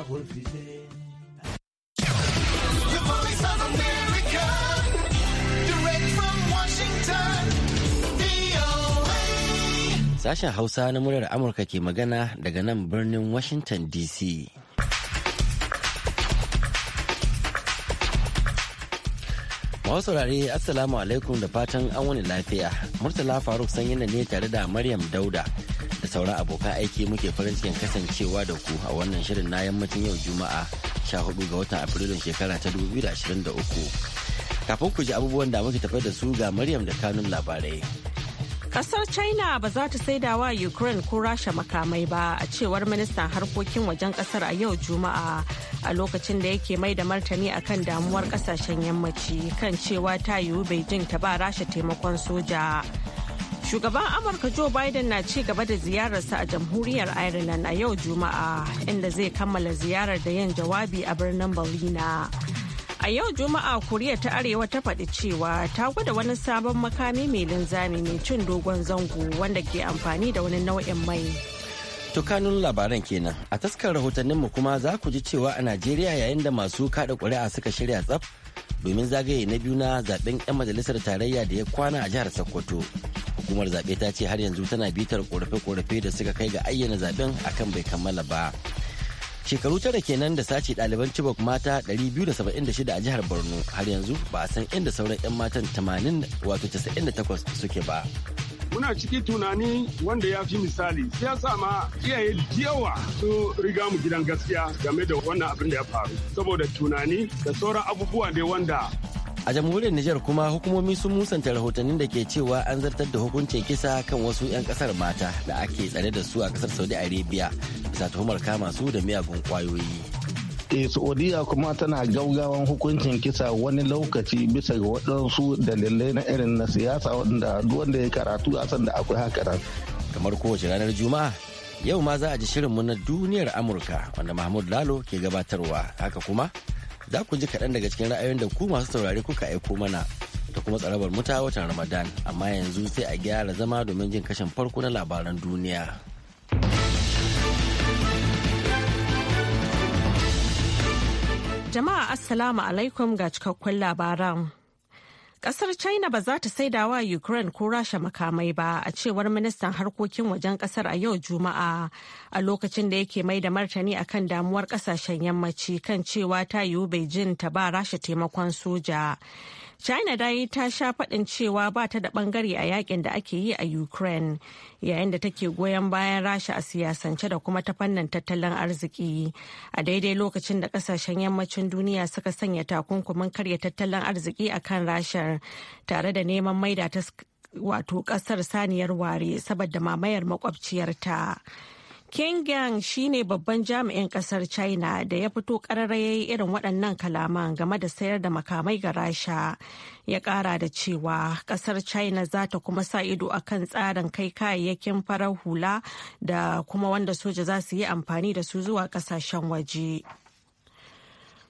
Sashen Hausa na muryar Amurka ke magana daga nan birnin Washington DC. Mawar saurare Assalamu alaikum da fatan an wani lafiya. Murtala Faruk sanyi ne tare da Maryam Dauda. sauran abokan aiki muke farin cikin kasancewa da ku a wannan shirin na yammacin yau Juma'a 14 ga watan Afrilun shekara ta 2023. Kafin ku ji abubuwan da muke tafai da su ga Maryam da kanun labarai. Kasar China ba za ta saida wa Ukraine ko Rasha makamai ba a cewar ministan harkokin wajen kasar a yau Juma'a a lokacin da yake mai da martani akan damuwar kasashen yammaci kan cewa ta yiwu Beijing ta ba Rasha taimakon soja. Shugaban Amurka Joe Biden na ci gaba da ziyararsa a jamhuriyar Ireland a yau Juma'a inda zai kammala ziyarar da yin jawabi a birnin Ballina. A yau Juma'a Koriya ta Arewa ta faɗi cewa ta gwada wani sabon makami mai linzami mai cin dogon zango wanda ke amfani da wani nau'in mai. Tukanun labaran kenan a taskar rahotanninmu kuma za ku ji cewa a Najeriya yayin da masu kaɗa ƙuri'a suka shirya tsaf domin zagaye na biyu na zaben 'yan majalisar tarayya da ya kwana a jihar sokoto hukumar zaɓe ta ce har yanzu tana bitar korafe-korafe da suka kai ga ayyana zaben akan bai kammala ba shekaru tara kenan da sace ɗaliban chibok mata 276 a jihar borno har yanzu ba a san inda sauran 'yan matan 80 wato 98 suke ba muna ciki tunani wanda ya fi misali siyasa ma iyaye yawa su riga mu gidan gaskiya game da wannan abin da ya faru saboda tunani da sauran abubuwa ne wanda a jamhuriyar Nijar kuma hukumomi sun musanta rahotannin da ke cewa an zartar da hukuncin kisa kan wasu 'yan kasar mata da ake tsare da su a kasar saudi arabia bisa tuhumar kama su da miyagun kwayoyi eh saudiya kuma tana gaugawan hukuncin kisa wani lokaci bisa ga waɗansu dalilai na irin na siyasa wanda wanda ya karatu a da akwai haka kamar kowace ranar juma'a yau ma za a ji mu na duniyar amurka wanda mahmud lalo ke gabatarwa haka kuma za ku ji kaɗan daga cikin ra'ayoyin da ku masu saurare kuka aiko mana ta kuma tsarabar muta watan ramadan amma yanzu sai a gyara zama domin jin kashin farko na labaran duniya. Jama'a Assalamu alaikum ga cikakkun labaran. Kasar China ba za ta saida wa Ukraine ko Rasha makamai ba a cewar ministan harkokin wajen kasar a yau Juma'a a lokacin da yake mai da martani akan damuwar kasashen yammaci kan cewa ta yiwu Beijing ta ba Rasha taimakon soja. China dai ta sha faɗin cewa ba ta da ɓangare a yakin da ake yi a Ukraine yayin da take goyon bayan Rasha a siyasance da kuma ta fannin tattalin arziki a daidai lokacin da kasashen yammacin duniya suka sanya takunkumin karya tattalin arziki a kan Rashar tare da neman maida ta wato ƙasar saniyar ware saboda mamayar makwabciyarta. shi ne babban jami'in kasar China da ya fito kararrayayi irin waɗannan kalaman game da sayar da makamai ga Rasha. Ya ƙara da cewa ƙasar China za ta kuma sa ido a kan tsarin kai kayayyakin farar hula da kuma wanda soja za su yi amfani da su zuwa ƙasashen waje.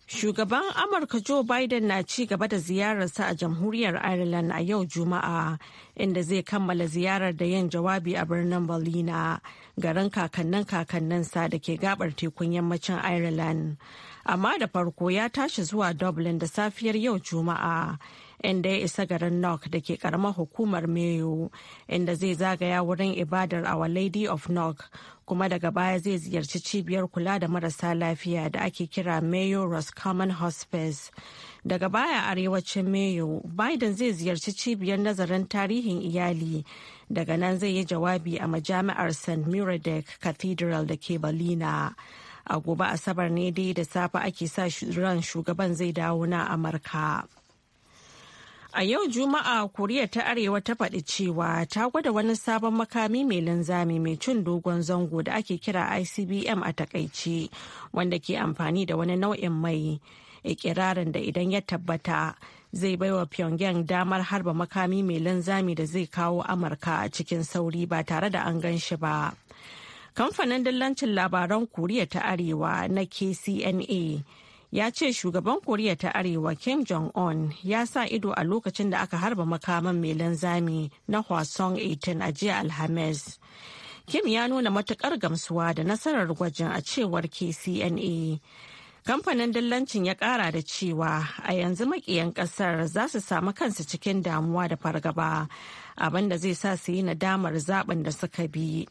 Shugaban Amurka Joe Biden na ci gaba da ziyararsa a jamhuriyar Ireland a yau Juma'a, inda zai kammala ziyarar da yin jawabi a birnin berlina. garin kakannin sa da ke gabar tekun yammacin Ireland. Amma da farko ya tashi zuwa Dublin da safiyar yau Juma'a. inda ya isa garin Knock da ke karamar hukumar Mayo inda zai zagaya wurin ibadar Our Lady of Knock kuma daga baya zai ziyarci cibiyar kula da marasa lafiya da ake kira Mayo Roscommon Hospice. Daga baya arewacin Mayo, Biden zai ziyarci cibiyar nazarin tarihin iyali daga nan zai yi jawabi a majami'ar st muradek cathedral da ke balina a gobe asabar ne dai da safe ake sa ran shugaban zai dawo na amurka A yau Juma'a Koriya ta Arewa ta faɗi cewa ta gwada wani sabon makami mai linzami mai cin dogon zango da ake kira ICBM a takaice wanda ke amfani da wani nau'in mai ikirarin da idan ya tabbata zai baiwa pyongyang damar harba makami mai linzami da zai kawo amurka a cikin sauri ba tare da an gan shi ba kamfanin dillancin labaran koriya ta arewa na kcna ya ce shugaban koriya ta arewa kim jong-un ya sa ido a lokacin da aka harba makaman mai linzami na hwasong 18 a jiya alhamis kim ya nuna matukar gamsuwa da nasarar gwajin a cewar kcna Kamfanin dillancin ya kara da cewa a yanzu makiyan kasar za su samu kansu cikin damuwa da fargaba abinda zai sa su yi nadamar zaben da suka bi.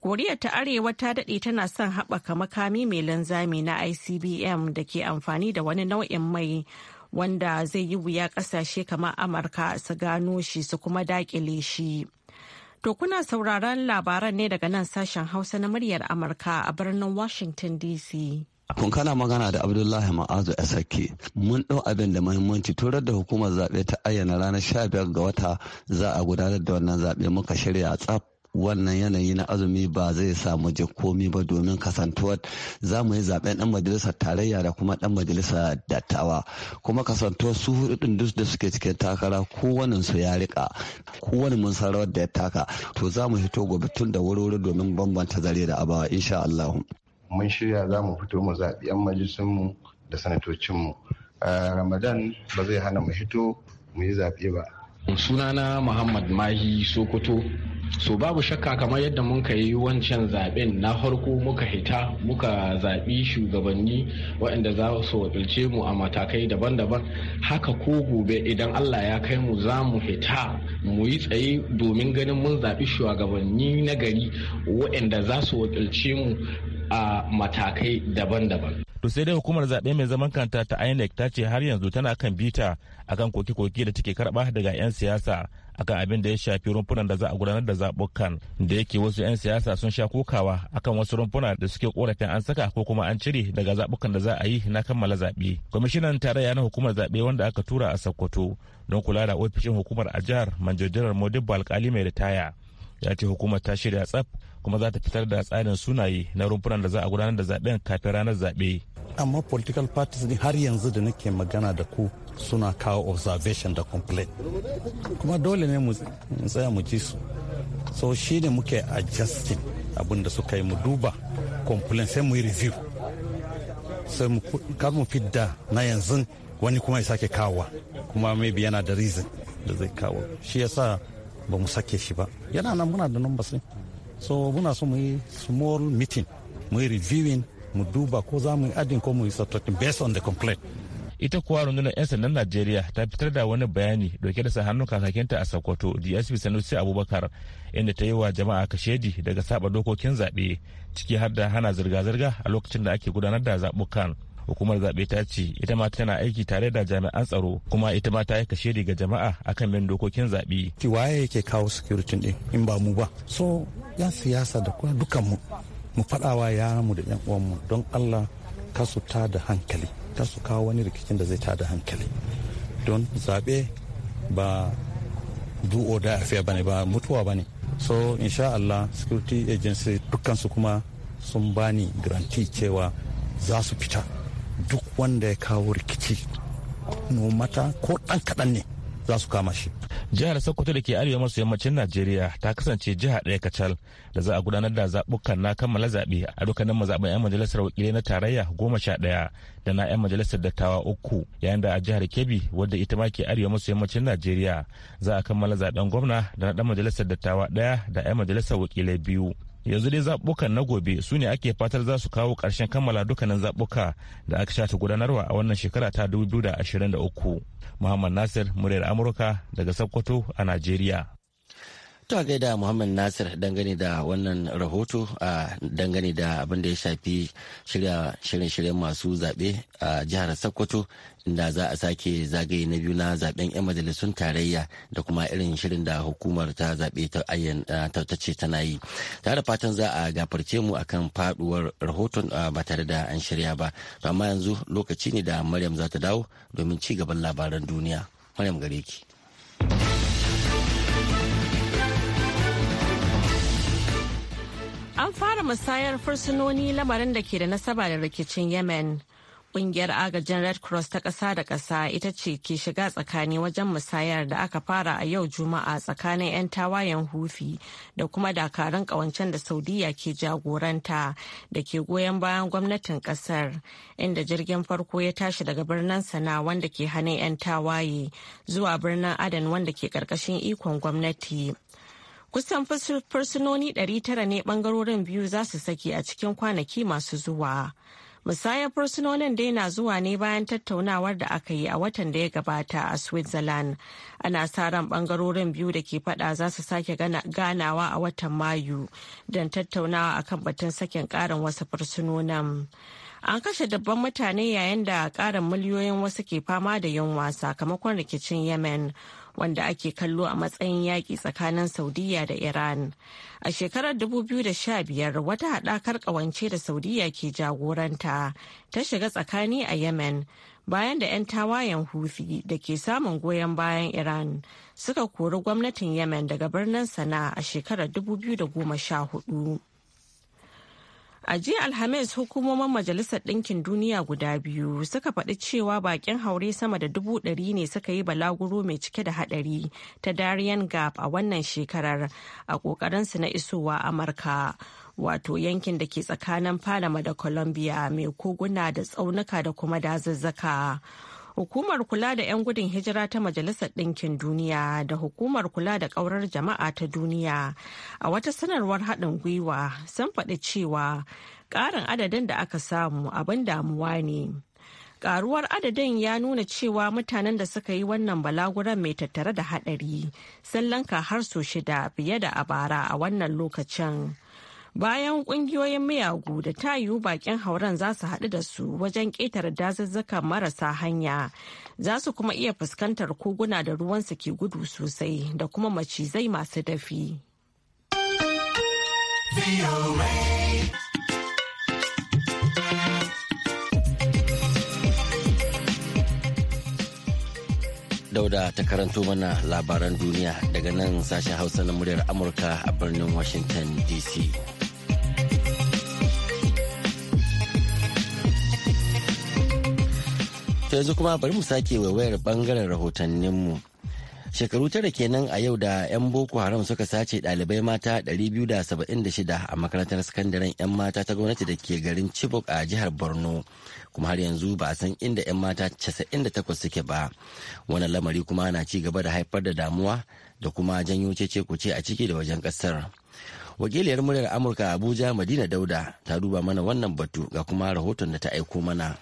Koriya ta Arewa ta daɗe tana son haɓaka makami mai linzami na ICBM da ke amfani da wani nau'in mai wanda zai yi wuya ƙasashe kamar Amurka su gano shi su kuma daƙile shi. To kuna sauraron labaran ne daga nan sashen Hausa na muryar Amurka a birnin Washington DC. kun kana magana da abdullahi ma'azu a sake mun ɗau abin da mahimmanci turar da hukumar zaɓe ta ayyana ranar 15 ga wata za a gudanar da wannan zaɓe muka shirya a tsaf wannan yanayi na azumi ba zai samu je komi ba domin kasantuwar za mu yi zaɓen ɗan majalisar tarayya da kuma ɗan majalisa dattawa kuma kasantuwar su hudu din duk da suke cikin takara kowannen su ya rika kowanne mun san rawar da ya taka to za mu hito gobe tun da wuri domin bambanta zare da abawa insha mun shirya za mu fito mu zaɓi 'yan majalisunmu da sanatocinmu ramadan ba zai hana mu hito mu yi zaɓe ba sunana muhammad mahi sokoto so babu shakka kamar yadda muka yi wancan zaɓen na farko muka hita muka zaɓi shugabanni waɗanda za su wakilce mu a matakai daban-daban haka ko gobe idan allah ya kai mu za mu hita mu yi tsaye domin ganin mun zaɓi shugabanni na gari waɗanda za su wakilce mu a matakai daban-daban. To sai dai hukumar zaɓe mai zaman kanta ta INEC ta ce har yanzu tana kan bita akan koke-koke da take karɓa daga 'yan siyasa akan abin da ya shafi rumfunan da za a gudanar da zaɓukan da yake wasu 'yan siyasa sun sha kokawa akan wasu rumfuna da suke korafin an saka ko kuma an cire daga zaɓukan da za a yi na kammala zaɓe. Kwamishinan tarayya na hukumar zaɓe wanda aka tura a Sokoto don kula da ofishin hukumar a jihar Manjajirar Modibbo Alƙali mai ritaya. ya ce hukumar ta shirya tsaf kuma za ta fitar da tsarin sunaye na rumfunan da za a gudanar da zaɓen kafin ranar zaɓe. amma political parties ne har yanzu da nake magana da ku suna kawo observation da complaint kuma dole ne mu tsaya mu ji su so shi ne muke adjusting abin da suka yi mu duba complaint sai mu yi review sai mu kar mu fidda na yanzu wani kuma ya sake kawowa kuma maybe yana da reason da zai kawo shi yasa ba mu sake shi ba yana nan muna da numbers so muna so mu yi small meeting mu yi reviewing mu duba ko za mu yi adin ko mu yi sattotin based on the complaint ita kuwa rundunar 'yan sandan najeriya ta fitar da wani bayani dauke da sa hannun kakakinta a sokoto dsp sanusi abubakar inda ta yi wa jama'a kashedi daga saba dokokin zaɓe ciki har da hana zirga-zirga a lokacin da ake gudanar da zaɓukan hukumar zaɓe ta ce ita ma tana aiki tare da jami'an tsaro kuma ita ma ta yi kashe ga jama'a akan bin dokokin zaɓe. waye yake kawo security din in ba mu ba so yan siyasa da kuma dukan mu mu faɗawa yaramu da yan uwan mu don allah ka su ta da hankali ka su kawo wani rikicin da zai ta da hankali don zaɓe ba du'o da afiya ba ba mutuwa ba so insha allah security agency dukansu kuma sun bani garanti cewa za su fita duk wanda ya kawo rikici mata ko ɗan kaɗan ne za su kama shi. Jihar Sokoto da ke arewa maso yammacin Najeriya ta kasance jiha ɗaya kacal da za a gudanar da zaɓukan na kammala zaɓe a dukkanin mazaɓen 'yan majalisar wakilai na tarayya goma sha ɗaya da na 'yan majalisar dattawa uku yayin da a jihar Kebbi wadda ita ma ke arewa maso yammacin Najeriya za a kammala zaɓen gwamna da na ɗan majalisar dattawa ɗaya da 'yan majalisar wakilai biyu. yanzu dai zaɓukan na gobe su ne ake fatar za su kawo ƙarshen kammala dukkanin zaɓuka da aka shata gudanarwa a wannan shekara ta 2023 muhammad nasir muryar amurka daga sokoto a najeriya ta gaida Muhammad Nasir dangane da wannan rahoto a dangane da abin da ya shafi shirin-shirin masu zaɓe a jihar Sokoto inda za a sake zagaye na biyu na zaben 'yan majalisun tarayya da kuma irin shirin da hukumar ta zaɓe ta ce tana yi. Tare fatan za a gafarce mu akan faduwar rahoton ba tare da an shirya ba. To amma yanzu lokaci ne da Maryam za ta dawo domin ci gaban labaran duniya. Maryam gare ki. fara musayar fursunoni lamarin da ke da nasaba da rikicin yemen Ƙungiyar agajin Red Cross ta ƙasa da ƙasa ita ce ke shiga tsakani wajen musayar da aka fara a yau Juma'a tsakanin 'yan tawayen Hufi da kuma dakarun ƙawancen da Saudiya ke jagoranta da ke goyon bayan gwamnatin ƙasar, inda jirgin farko ya tashi daga birnin Sana wanda ke hannun 'yan tawaye zuwa birnin Adan wanda ke ƙarƙashin ikon gwamnati. Kusan fursunoni 900 ne bangarorin biyu za su saki a cikin kwanaki masu zuwa. Musayar fursunonin dai na zuwa ne bayan tattaunawar da aka yi a watan da ya gabata a Switzerland. Ana sa ran bangarorin biyu da ke fada za su sake ganawa a watan Mayu don tattaunawa akan batun sakin karin wasu fursunonin. An kashe dabban mutane yayin da karin miliyoyin wasu ke fama da yunwa sakamakon rikicin Yemen. wanda ake kallo a matsayin yaƙi tsakanin saudiya da iran a shekarar 2015 wata haɗakar ƙawance da saudiya ke jagoranta ta shiga tsakani a yemen bayan da 'yan tawayen hufi da ke samun goyon bayan iran suka kori gwamnatin yemen daga birnin sana'a a shekarar 2014 A jiya Alhamis hukumomin Majalisar Ɗinkin Duniya guda biyu suka faɗi cewa bakin haure sama da dubu ɗari ne suka yi balaguro mai cike da haɗari ta Darien Gap a wannan shekarar a ƙoƙarinsu na isowa Amurka. Wato yankin da ke tsakanin Panama da Colombia mai koguna da tsaunuka da kuma dazuzzuka. hukumar kula da 'yan gudun hijira ta majalisar ɗinkin duniya da hukumar kula da ƙaurar jama'a ta duniya a wata sanarwar haɗin gwiwa sun faɗi cewa ƙarin adadin da aka samu abin damuwa ne ƙaruwar adadin ya nuna cewa mutanen da suka yi wannan balaguran mai tattare da haɗari sun lanka har su shida fiye da a bara a wannan lokacin bayan kungiyoyin miyagu da ta yiwu bakin hauren za su haɗu da su wajen ƙetare dazuzzuka marasa hanya za su kuma iya fuskantar koguna da ruwansu ke gudu sosai da kuma macizai masu dafi. Dauda ta karanto mana labaran duniya daga nan sashen Hausa na muryar Amurka a birnin Washington DC. To yanzu kuma bari mu sake waiwayar bangaren rahotanninmu. Shekaru tara kenan a yau da 'yan Boko Haram suka sace ɗalibai mata 276 a makarantar sakandaren 'yan mata ta gwamnati da ke garin Chibok a jihar Borno. Kuma har yanzu ba a san inda 'yan mata 98 suke ba. Wannan lamari kuma na ci gaba da haifar da damuwa da kuma janyo cece kuce a ciki da wajen kasar. Wakiliyar muryar Amurka Abuja Madina Dauda ta duba mana wannan batu ga kuma rahoton da ta aiko mana.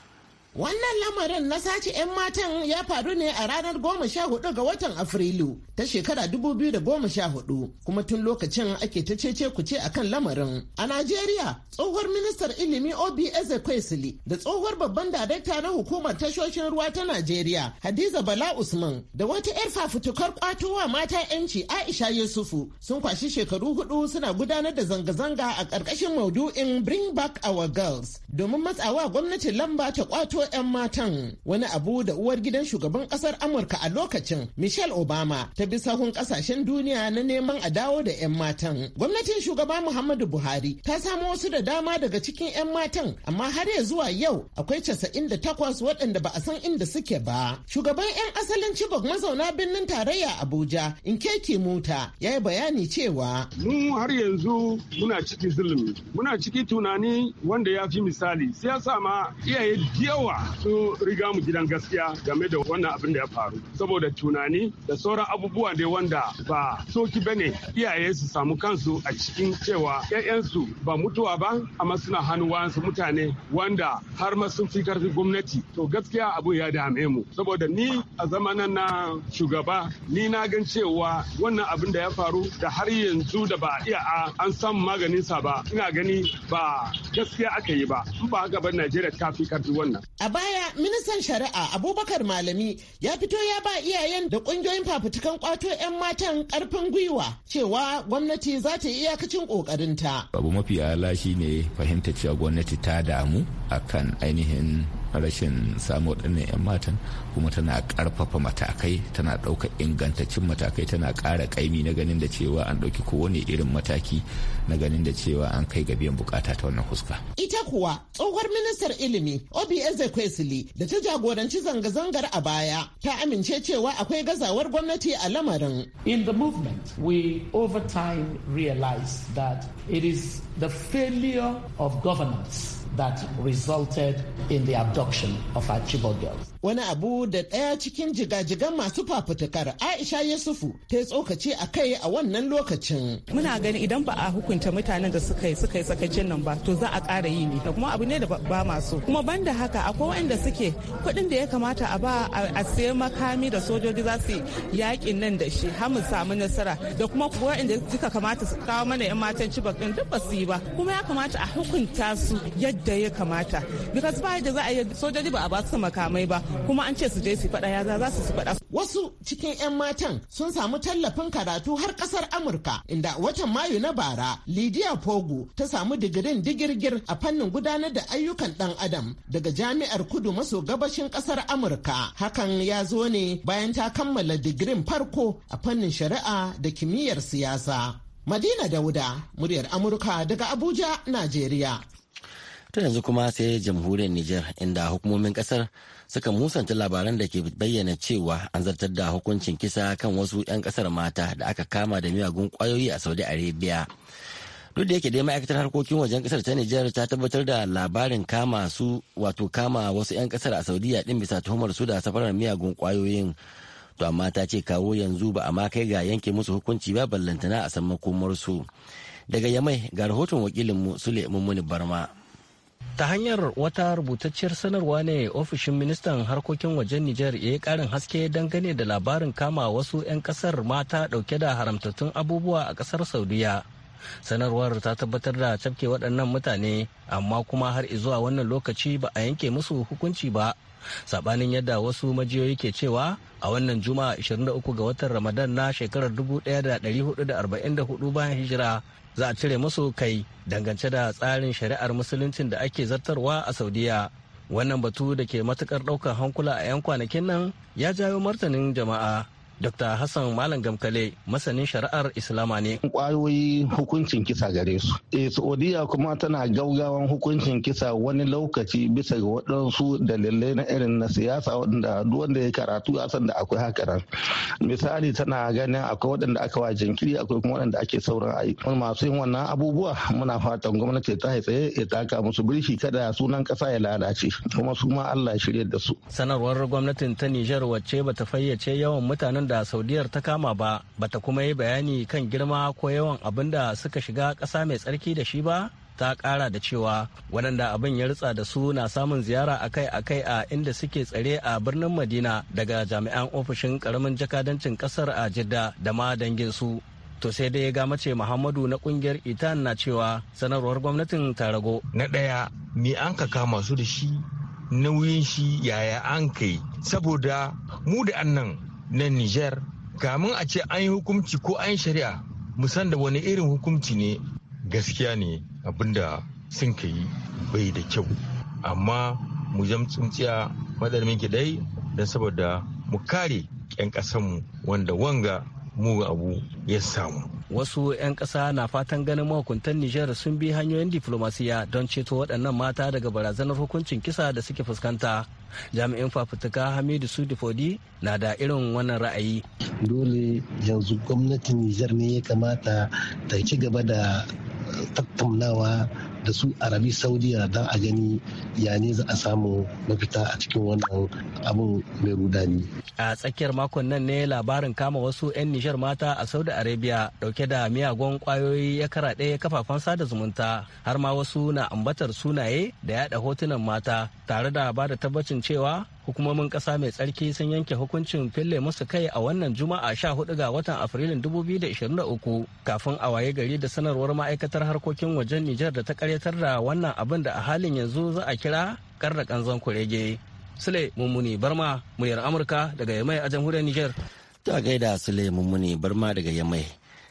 Wannan lamarin na sace 'yan matan ya faru ne a ranar 14 ga watan Afrilu ta shekara 2014 kuma tun lokacin ake ta cece kuce a kan lamarin. A Najeriya, tsohuwar ministar ilimi OBS Ezekwesili da tsohuwar babban darakta na hukumar tashoshin ruwa ta Najeriya Hadiza Bala Usman da wata 'yar fafutukar kwatowa mata 'yanci Aisha Yusufu sun kwashi shekaru hudu suna gudanar da zanga-zanga a ƙarƙashin maudu'in Bring Back Our Girls domin matsawa gwamnatin lamba ta kwato kwato 'yan matan wani abu da uwar gidan shugaban kasar amurka a lokacin michelle obama ta bi sahun kasashen duniya na neman a dawo da 'yan matan gwamnatin shugaba muhammadu buhari ta samo wasu da dama daga cikin 'yan matan amma har ya zuwa yau akwai casa'in da takwas waɗanda ba a san inda suke ba shugaban 'yan asalin chibok mazauna birnin tarayya abuja keke muta ya yi bayani cewa mu har yanzu muna ciki zulumi muna ciki tunani wanda ya fi misali siyasa ma iyaye yawa yawa su riga mu gidan gaskiya game da wannan abin da ya faru saboda tunani da sauran abubuwa ne wanda ba soki bane iyaye su samu kansu a cikin cewa 'ya'yansu ba mutuwa ba amma suna hannu wasu mutane wanda har ma sun fi karfi gwamnati to gaskiya abu ya dame mu saboda ni a zamanan na shugaba ni na gan cewa wannan abin da ya faru da har yanzu da ba iya an samu maganin sa ba ina gani ba gaskiya aka yi ba in ba haka ba Najeriya ta fi karfi wannan A baya, ministan shari'a Abubakar Malami ya fito ya ba iyayen da kungiyoyin fafutukan kwato 'yan matan karfin gwiwa cewa gwamnati za ta yi iyakacin kokarinta. Abu mafi ala shi ne fahimta cewa gwamnati ta damu akan ainihin rashin samu waɗannan 'yan matan kuma tana ƙarfafa matakai tana ɗauka ingantaccen matakai tana ƙara ƙaimi na ganin da cewa an ɗauki kowane irin mataki na ganin da cewa an kai ga biyan bukata ta wannan huska. Ita kuwa tsohuwar ministar ilimi Obi Ezekwesili da ta jagoranci zanga-zangar a baya ta amince cewa akwai gazawar gwamnati a lamarin. In the movement, we over time realize that it is the failure of governance that resulted in the abduction of our Chibok girls. wani abu da ɗaya cikin jigajigan masu fafutukar aisha yusufu ta yi tsokaci a kai a wannan lokacin muna gani idan ba a hukunta mutanen da suka yi suka yi sakacin nan ba to za a ƙara yi ne da kuma abu ne da ba masu kuma banda haka akwai wanda suke kuɗin da ya kamata a ba a sayi makami da sojoji za su yakin nan da shi har mu samu nasara da kuma waɗanda suka kamata su kawo mana 'yan matan ci ɗin duk ba su yi ba kuma ya kamata a hukunta su yadda ya kamata because ba da za a yi sojoji ba a ba su makamai ba kuma an ce su je su faɗa ya za su su faɗa. Wasu cikin 'yan matan sun samu tallafin karatu har ƙasar Amurka inda watan Mayu na bara Lidiya Pogu ta samu digirin digirgir a fannin gudanar da ayyukan ɗan adam daga jami'ar kudu maso gabashin ƙasar Amurka. Hakan ya zo ne bayan ta kammala digirin farko a fannin shari'a da kimiyyar siyasa. Madina Dauda, muryar Amurka daga Abuja, Najeriya. To yanzu kuma sai jamhuriyar Nijar inda hukumomin kasar suka musanta labaran da ke bayyana cewa an zartar da hukuncin kisa kan wasu 'yan kasar mata da aka kama da miyagun kwayoyi a Saudi Arabia. Duk da yake dai ma'aikatar harkokin wajen kasar ta Nijar ta tabbatar da labarin kama su wato kama wasu 'yan kasar a Saudiya din bisa tuhumar su da safarar miyagun kwayoyin. To amma ta ce kawo yanzu ba a ma kai ga yanke musu hukunci ba ballantana a san makomar su. Daga Yamai ga rahoton wakilinmu Sule Mummuni Barma. ta hanyar wata rubutacciyar sanarwa ne ofishin ministan harkokin wajen Nijar ya yi karin haske dangane da labarin kama wasu 'yan kasar mata dauke da haramtattun abubuwa a kasar Saudiya. Sanarwar ta tabbatar da cafke waɗannan mutane amma kuma har zuwa wannan lokaci ba a yanke musu hukunci ba. Sabanin yadda wasu majiyoyi ke cewa a wannan juma'a 23 ga watan Ramadan na shekarar 1444 bayan hijira za a cire musu kai dangance da tsarin shari'ar musuluncin da ake zartarwa a saudiya wannan batu da ke matukar ɗaukar hankula a 'yan kwanakin nan ya jawo martanin jama'a Dr. Hassan Malam Gamkale masanin shari'ar Islama ne. Kwayoyi hukuncin kisa gare su. E, Saudiya kuma tana gaugawan hukuncin kisa wani lokaci bisa ga waɗansu dalilai na irin na siyasa waɗanda wanda ya karatu ya san da akwai haka nan. Misali tana ganin akwai waɗanda aka wa jinkiri akwai kuma waɗanda ake sauran ayi. Masu yin wannan abubuwa muna fatan gwamnati ta tsaye ya taka musu birki kada sunan ƙasa ya lalace kuma su ma Allah ya shirya da su. Sanarwar gwamnatin ta Nijar wacce bata fayyace yawan mutanen da saudiyar ta kama ba bata kuma yi bayani kan girma ko yawan abin da suka shiga ƙasa mai tsarki da shi ba ta ƙara da cewa waɗanda abin ya ritsa da su na samun ziyara akai-akai a inda suke tsare a birnin madina daga jami'an ofishin ƙaramin jakadancin ƙasar a jidda da ma danginsu su to sai dai ga mace muhammadu na kungiyar itan na cewa sanarwar gwamnatin ta rago. na ɗaya me an ka kama su da shi nauyin shi yaya an kai saboda mu da annan na Nijar kamun a ce an yi hukumci ko an shari'a musan da wani irin hukumci ne gaskiya ne abinda sun ka yi bai da kyau amma mu jam tsuntsiya madarmin dai don saboda mu kare 'yan ƙasanmu wanda wanga mugun abu ya samu wasu 'yan ƙasa na fatan ganin mahukuntan nijar sun bi hanyoyin diflomasiya don ceto waɗannan mata daga barazanar hukuncin kisa da suke fuskanta jami'in fafutuka hamidu sudifodi na da irin wannan ra'ayi dole yanzu gwamnatin nijar ne ya kamata ta ci gaba da tattaunawa da su arabi saudiya don a gani ya ne za a samu mafita a cikin wannan abin mai rudani a tsakiyar makon nan ne labarin kama wasu 'yan nishar mata a saudi arabia dauke da miyagun kwayoyi ya kara daya kafafen sada zumunta har ma wasu na ambatar sunaye da yada hotunan mata tare da ba da tabbacin cewa hukumomin ƙasa mai tsarki sun yanke hukuncin fille musu kai a wannan juma'a sha hudu ga watan afrilun 2023 kafin a waye gari da sanarwar ma'aikatar harkokin wajen nijar da ta karyatar da wannan abin da a halin yanzu za a kira karra kanzon kurege sule mummuni barma muryar amurka daga yamai a jamhuriyar nijar ta gaida sule mummuni barma daga yamai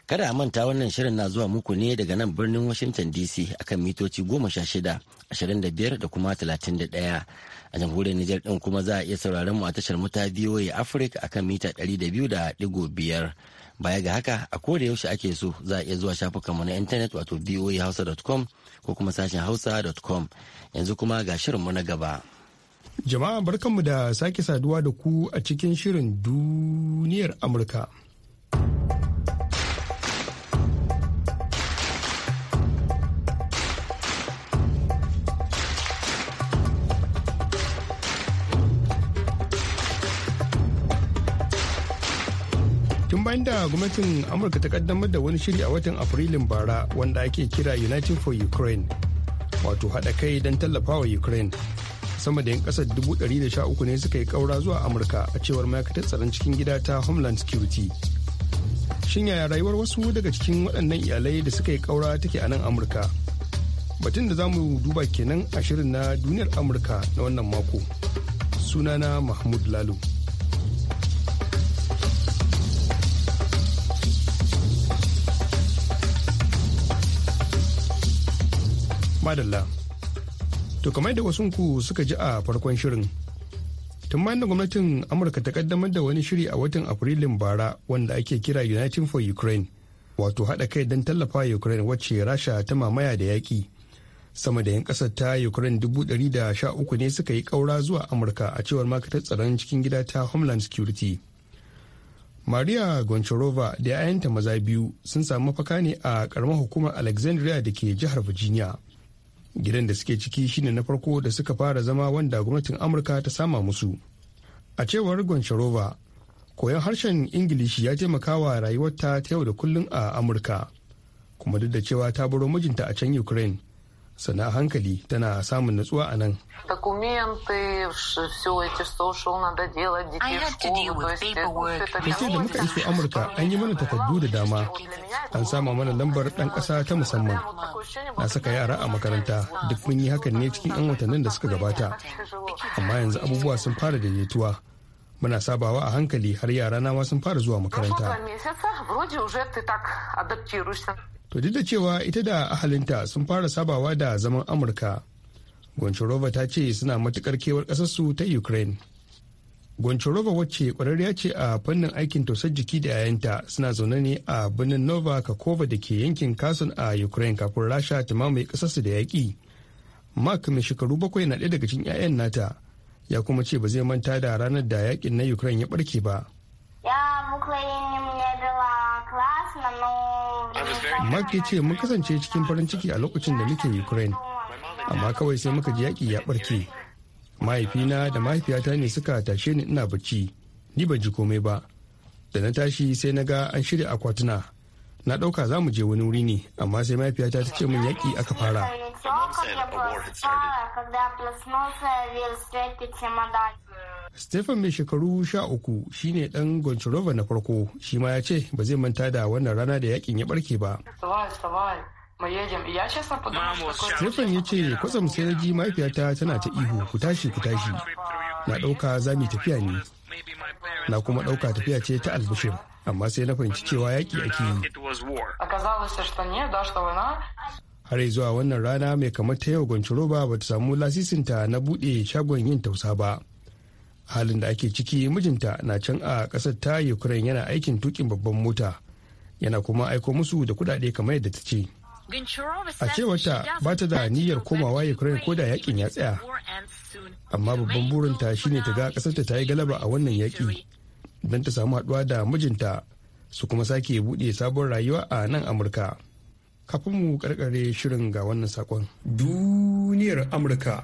Kada a manta wannan shirin na zuwa muku ne daga nan birnin Washington DC akan mitoci goma sha shida, ashirin da biyar da kuma talatin A jamhuriyar Nijar ɗin kuma za a iya sauraron mu a tashar muta VOA Africa akan mita ɗari da biyu da biyar. Baya ga haka a koda yaushe ake so za a iya zuwa shafukan mu na intanet wato voahausa.com ko kuma sashen hausa.com. Yanzu kuma ga shirin mu na gaba. Jama'a barkanmu da sake saduwa da ku a cikin shirin duniyar Amurka. bayan da gwamnatin amurka ta kaddamar da wani shiri a watan afrilun bara wanda ake kira united for ukraine wato haɗa kai don tallafawa ukraine sama da yan ƙasar 113 ne suka yi ƙaura zuwa amurka a cewar ma'aikatar tsaron cikin gida ta homeland security shin yaya rayuwar wasu daga cikin waɗannan iyalai da suka yi ƙaura take a nan amurka batun da za mu duba kenan a shirin na duniyar amurka na wannan mako sunana mahmud lalu Badalla. To kamar da wasunku suka ji a farkon shirin. Tun bayan da gwamnatin Amurka ta kaddamar da wani shiri a watan Afrilun bara wanda ake kira Uniting for Ukraine, wato haɗa kai don tallafa Ukraine wacce Rasha ta mamaya da yaƙi. Sama da 'yan ƙasar ta Ukraine dubu ɗari da sha uku ne suka yi ƙaura zuwa Amurka a cewar makatar tsaron cikin gida ta Homeland Security. Maria Goncharova da 'ya'yanta maza biyu sun samu mafaka ne a ƙaramar hukumar Alexandria da ke jihar Virginia. gidan da suke ciki shine na farko da suka fara zama wanda gwamnatin amurka ta sama musu a cewar goncharova koyon harshen ingilishi ya taimaka wa rayuwarta ta yau da kullum a amurka kuma duk da cewa ta baro mijinta a can ukraine sana hankali tana samun natsuwa a nan. Da da muka iso Amurka an yi mana takardu da dama, an sama mana lambar ɗan ƙasa ta musamman. Na saka yara a makaranta duk mun yi hakan ne cikin 'yan watannin da suka gabata. Amma yanzu abubuwa sun fara daidaituwa. muna sabawa a hankali har yara na sun fara zuwa makaranta. to duk da cewa ita da ahalinta sun fara sabawa da zaman amurka goncharova ta ce suna matukar kewar ƙasarsu ta ukraine goncharova wacce kwararriya ce a fannin aikin tausar jiki da yayanta suna zaune ne a birnin nova kakova da ke yankin kasun a ukraine kafin rasha ta mamaye ƙasarsu da yaƙi mark mai shekaru bakwai na ɗaya daga cikin 'ya'yan nata ya kuma ce ba zai manta da ranar da yaƙin na ukraine ya ɓarke ba ya Mark ya ce mun kasance cikin farin ciki a lokacin da muke Ukraine, amma kawai sai muka ji yaƙi ya ɓarke. Mahaifina da mahaifiyata ne suka tashe ni ina bacci, ni ban ji komai ba. Da na tashi sai na ga an shirya akwatuna. Na ɗauka za mu je wani wuri ne, amma sai mahaifiyata ta ce min yaƙi aka fara. stephen mai shekaru sha uku shine ɗan goncharova na farko shi ma ya ce ba zai manta da wannan rana da yakin ya barke ba stephen ya ce kwatsam sai na ji mahaifiyata tana ta ihu ku tashi ku tashi na ɗauka za mu tafiya ne na kuma ɗauka tafiya ce ta albishir amma sai na fahimci cewa yaƙi ake yi har zuwa wannan rana mai kamar ta yau gonchoroba ba ta samu lasisinta na buɗe shagon yin tausa ba halin da ake ciki mijinta na can a ƙasar ta ukraine yana aikin tukin babban mota yana kuma aiko musu da kudade kamar yadda ta ce a cewarta ba ta da niyyar komawa ukraine ko da yakin ya tsaya amma babban burinta shine ta ga ƙasarta ta yi galaba a wannan yaƙi don ta samu haɗuwa da mijinta su kuma sake buɗe sabon rayuwa a nan amurka kafin mu karkare shirin ga wannan sakon duniyar amurka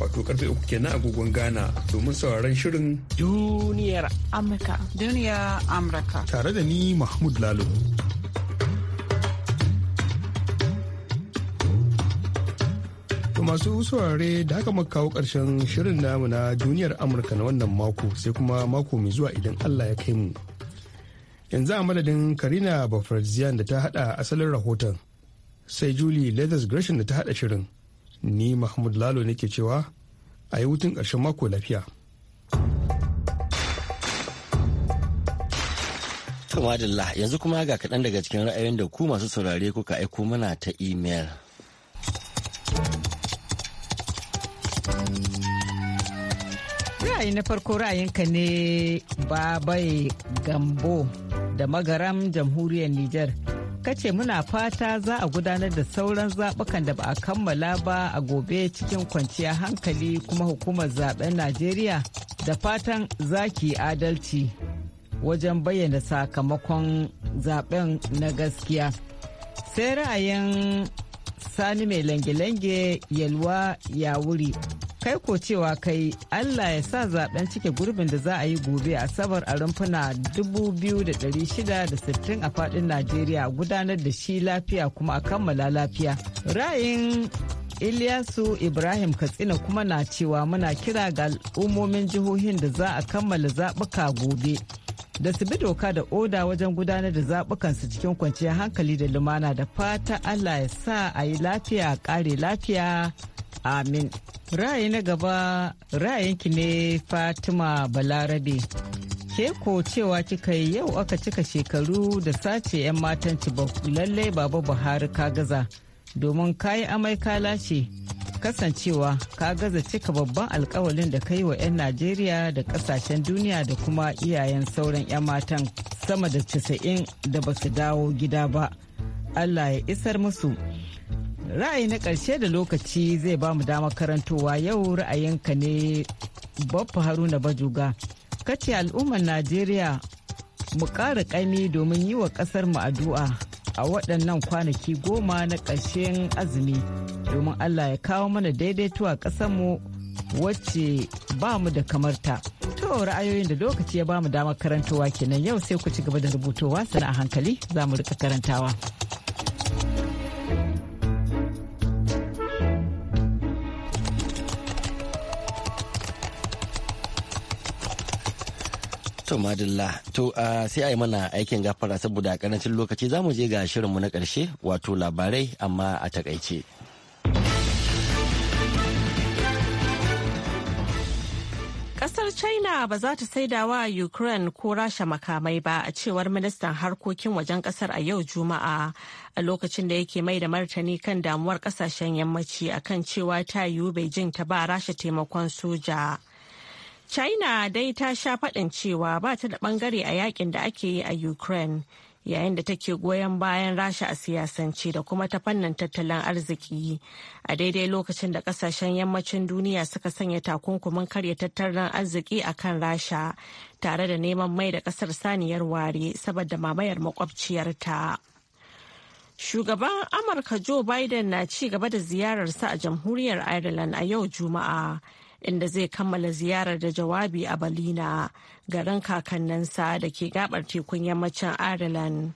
wato karfe uku kenan agogon Ghana domin sauraron shirin duniyar Amurka. duniya Amurka. Tare da ni Mahmud Lalo. masu saurare da haka maka kawo ƙarshen shirin namu na duniyar amurka na wannan mako sai kuma mako mai zuwa idan allah ya kai mu yanzu a madadin karina bafarziyan da ta hada asalin rahoton sai julie leathers gresham da ta hada shirin ni mahmud lalo nake cewa a yi wutun ƙarshen mako lafiya Tumadilla yanzu kuma ga kaɗan daga cikin ra'ayoyin da ku masu saurare kuka aiko mana ta imel. Ra'ayi na farko ra'ayinka ne babai gambo da magaram jamhuriyar Nijar. kace muna fata za a gudanar da sauran zaɓukan da ba a kammala ba a gobe cikin kwanciya hankali kuma hukumar zaben najeriya da fatan za ki adalci wajen bayyana sakamakon zaben na gaskiya sai ra'ayin sani mai lange-lange yalwa ya wuri kai ko cewa kai Allah ya sa zaben cike gurbin da za a yi gobe a sabar a rumfuna 2,660 a fadin Najeriya gudanar da shi lafiya kuma a kammala lafiya. Ra'ayin Ilyasu Ibrahim Katsina kuma na cewa muna kira ga al'ummomin jihohin da za a kammala zaɓuka gobe. da su bi doka da oda wajen gudanar da zaɓukansu cikin kwanciyar hankali da lumana da fata Allah ya sa a yi lafiya kare lafiya amin ra'ayi na gaba ra'ayinki ne fatima balarabe ke ko cewa kika yi yau aka cika shekaru da sace 'yan matan lallai baba buhari ka gaza domin kayi amai ka lashe kasancewa ka gaza cika babban alkawalin da ka yi wa 'yan najeriya da kasashen duniya da kuma iyayen sauran 'yan matan sama da 90 da basu dawo gida ba allah ya isar musu ra'ayi na ƙarshe da lokaci zai ba mu damar karantowa yau ra'ayinka ne baffa haruna bajuga kace al'ummar najeriya mu ƙara ƙaimi domin yi wa ƙasar mu addu'a a waɗannan kwanaki goma na ƙarshen azumi domin allah ya kawo mana daidaito a ƙasar mu wacce ba mu da kamarta to ra'ayoyin da lokaci ya ba mu damar karantowa kenan yau sai ku ci gaba da rubutowa sana a hankali za mu rika karantawa. To madalla, to sai a mana aikin gafara saboda karancin lokaci za mu je ga shirinmu na karshe wato labarai amma a takaice. Kasar China ba za ta saida wa Ukraine ko Rasha makamai ba a cewar ministan harkokin wajen kasar a yau Juma'a a lokacin da yake mai da martani kan damuwar kasashen yammaci akan cewa ta yiwu Beijing ta ba Rasha taimakon soja. China dai ta sha faɗin cewa ba ta da ɓangare a yakin da ake yi a Ukraine yayin da take goyon bayan rasha a siyasance da kuma ta fannin tattalin arziki a daidai lokacin da kasashen yammacin duniya suka sanya takunkumin karya tattalin arziki a kan rasha tare da neman mai da kasar saniyar ware saboda mamayar makwabciyarta. Shugaban Amurka Joe Biden na ci gaba da ziyararsa a jamhuriyar Ireland a yau Juma'a inda zai kammala ziyarar da jawabi a Balina garin kakanninsa da ke gabar tekun yammacin Ireland.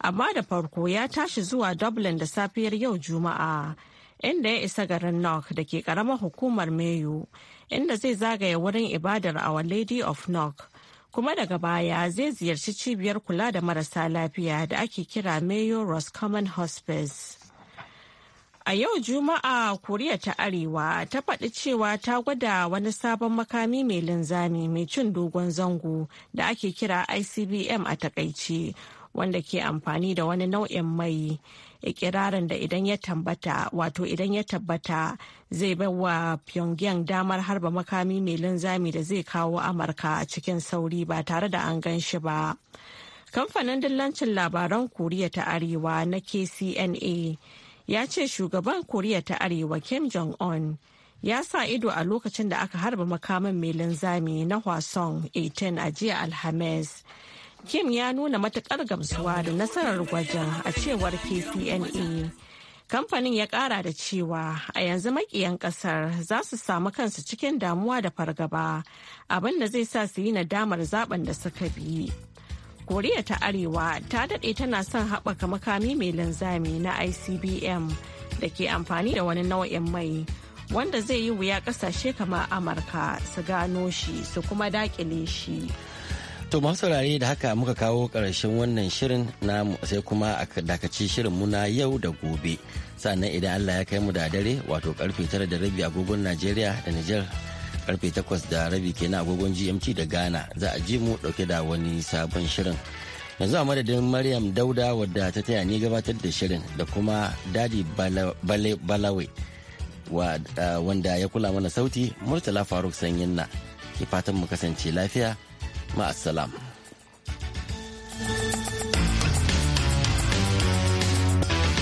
Amma da farko ya tashi zuwa Dublin da safiyar yau Juma'a, inda ya isa garin Knock da ke karamar hukumar Mayo, inda zai zagaya wurin ibadar Our Lady of Knock. kuma daga baya zai ziyarci cibiyar kula da marasa lafiya da ake kira mayo roscommon hospice A yau Juma'a Koriya ta Arewa ta faɗi cewa ta gwada wani sabon makami mai linzami mai cin dogon zango da ake kira ICBM a takaice wanda ke amfani da wani nau'in mai ikirarin da idan ya tambata wato idan ya tabbata zai bai wa Pyongyang damar harba makami mai linzami da zai kawo Amurka cikin sauri ba tare da an gan shi ba. Kamfanin dillancin labaran Koriya ta Arewa na KCNA ya ce shugaban koriya ta arewa kim jong-un ya sa ido a lokacin da aka harba makaman mai linzami na hwasong 18 a jiya alhamis kim ya nuna matukar gamsuwa da nasarar gwajin a cewar kcna e. kamfanin ya kara da cewa a yanzu makiyan kasar za su samu kansu cikin damuwa da fargaba abin da zai sa su yi nadamar zaben da suka biyi. koriya ta arewa ta dade tana son haɓaka makami mai linzami na icbm da ke amfani da wani nau'in mai wanda zai yi wuya ƙasashe kamar amurka su gano shi su kuma dakile shi to masu da haka muka kawo ƙarshen wannan shirin na sai kuma a dakaci shirin muna yau da gobe sannan idan allah ya kai mu da dare wato karfe tara da rabi agogon najeriya da nijar karfe 8 da rabi kenan agogon gmt da ghana za a ji mu dauke da wani sabon shirin yanzu a madadin maryam dauda wadda ta taya ni gabatar da shirin da kuma dadi balawe wanda ya kula mana sauti murtala faruk sanyin na ke fatan mu kasance lafiya ma'assalam.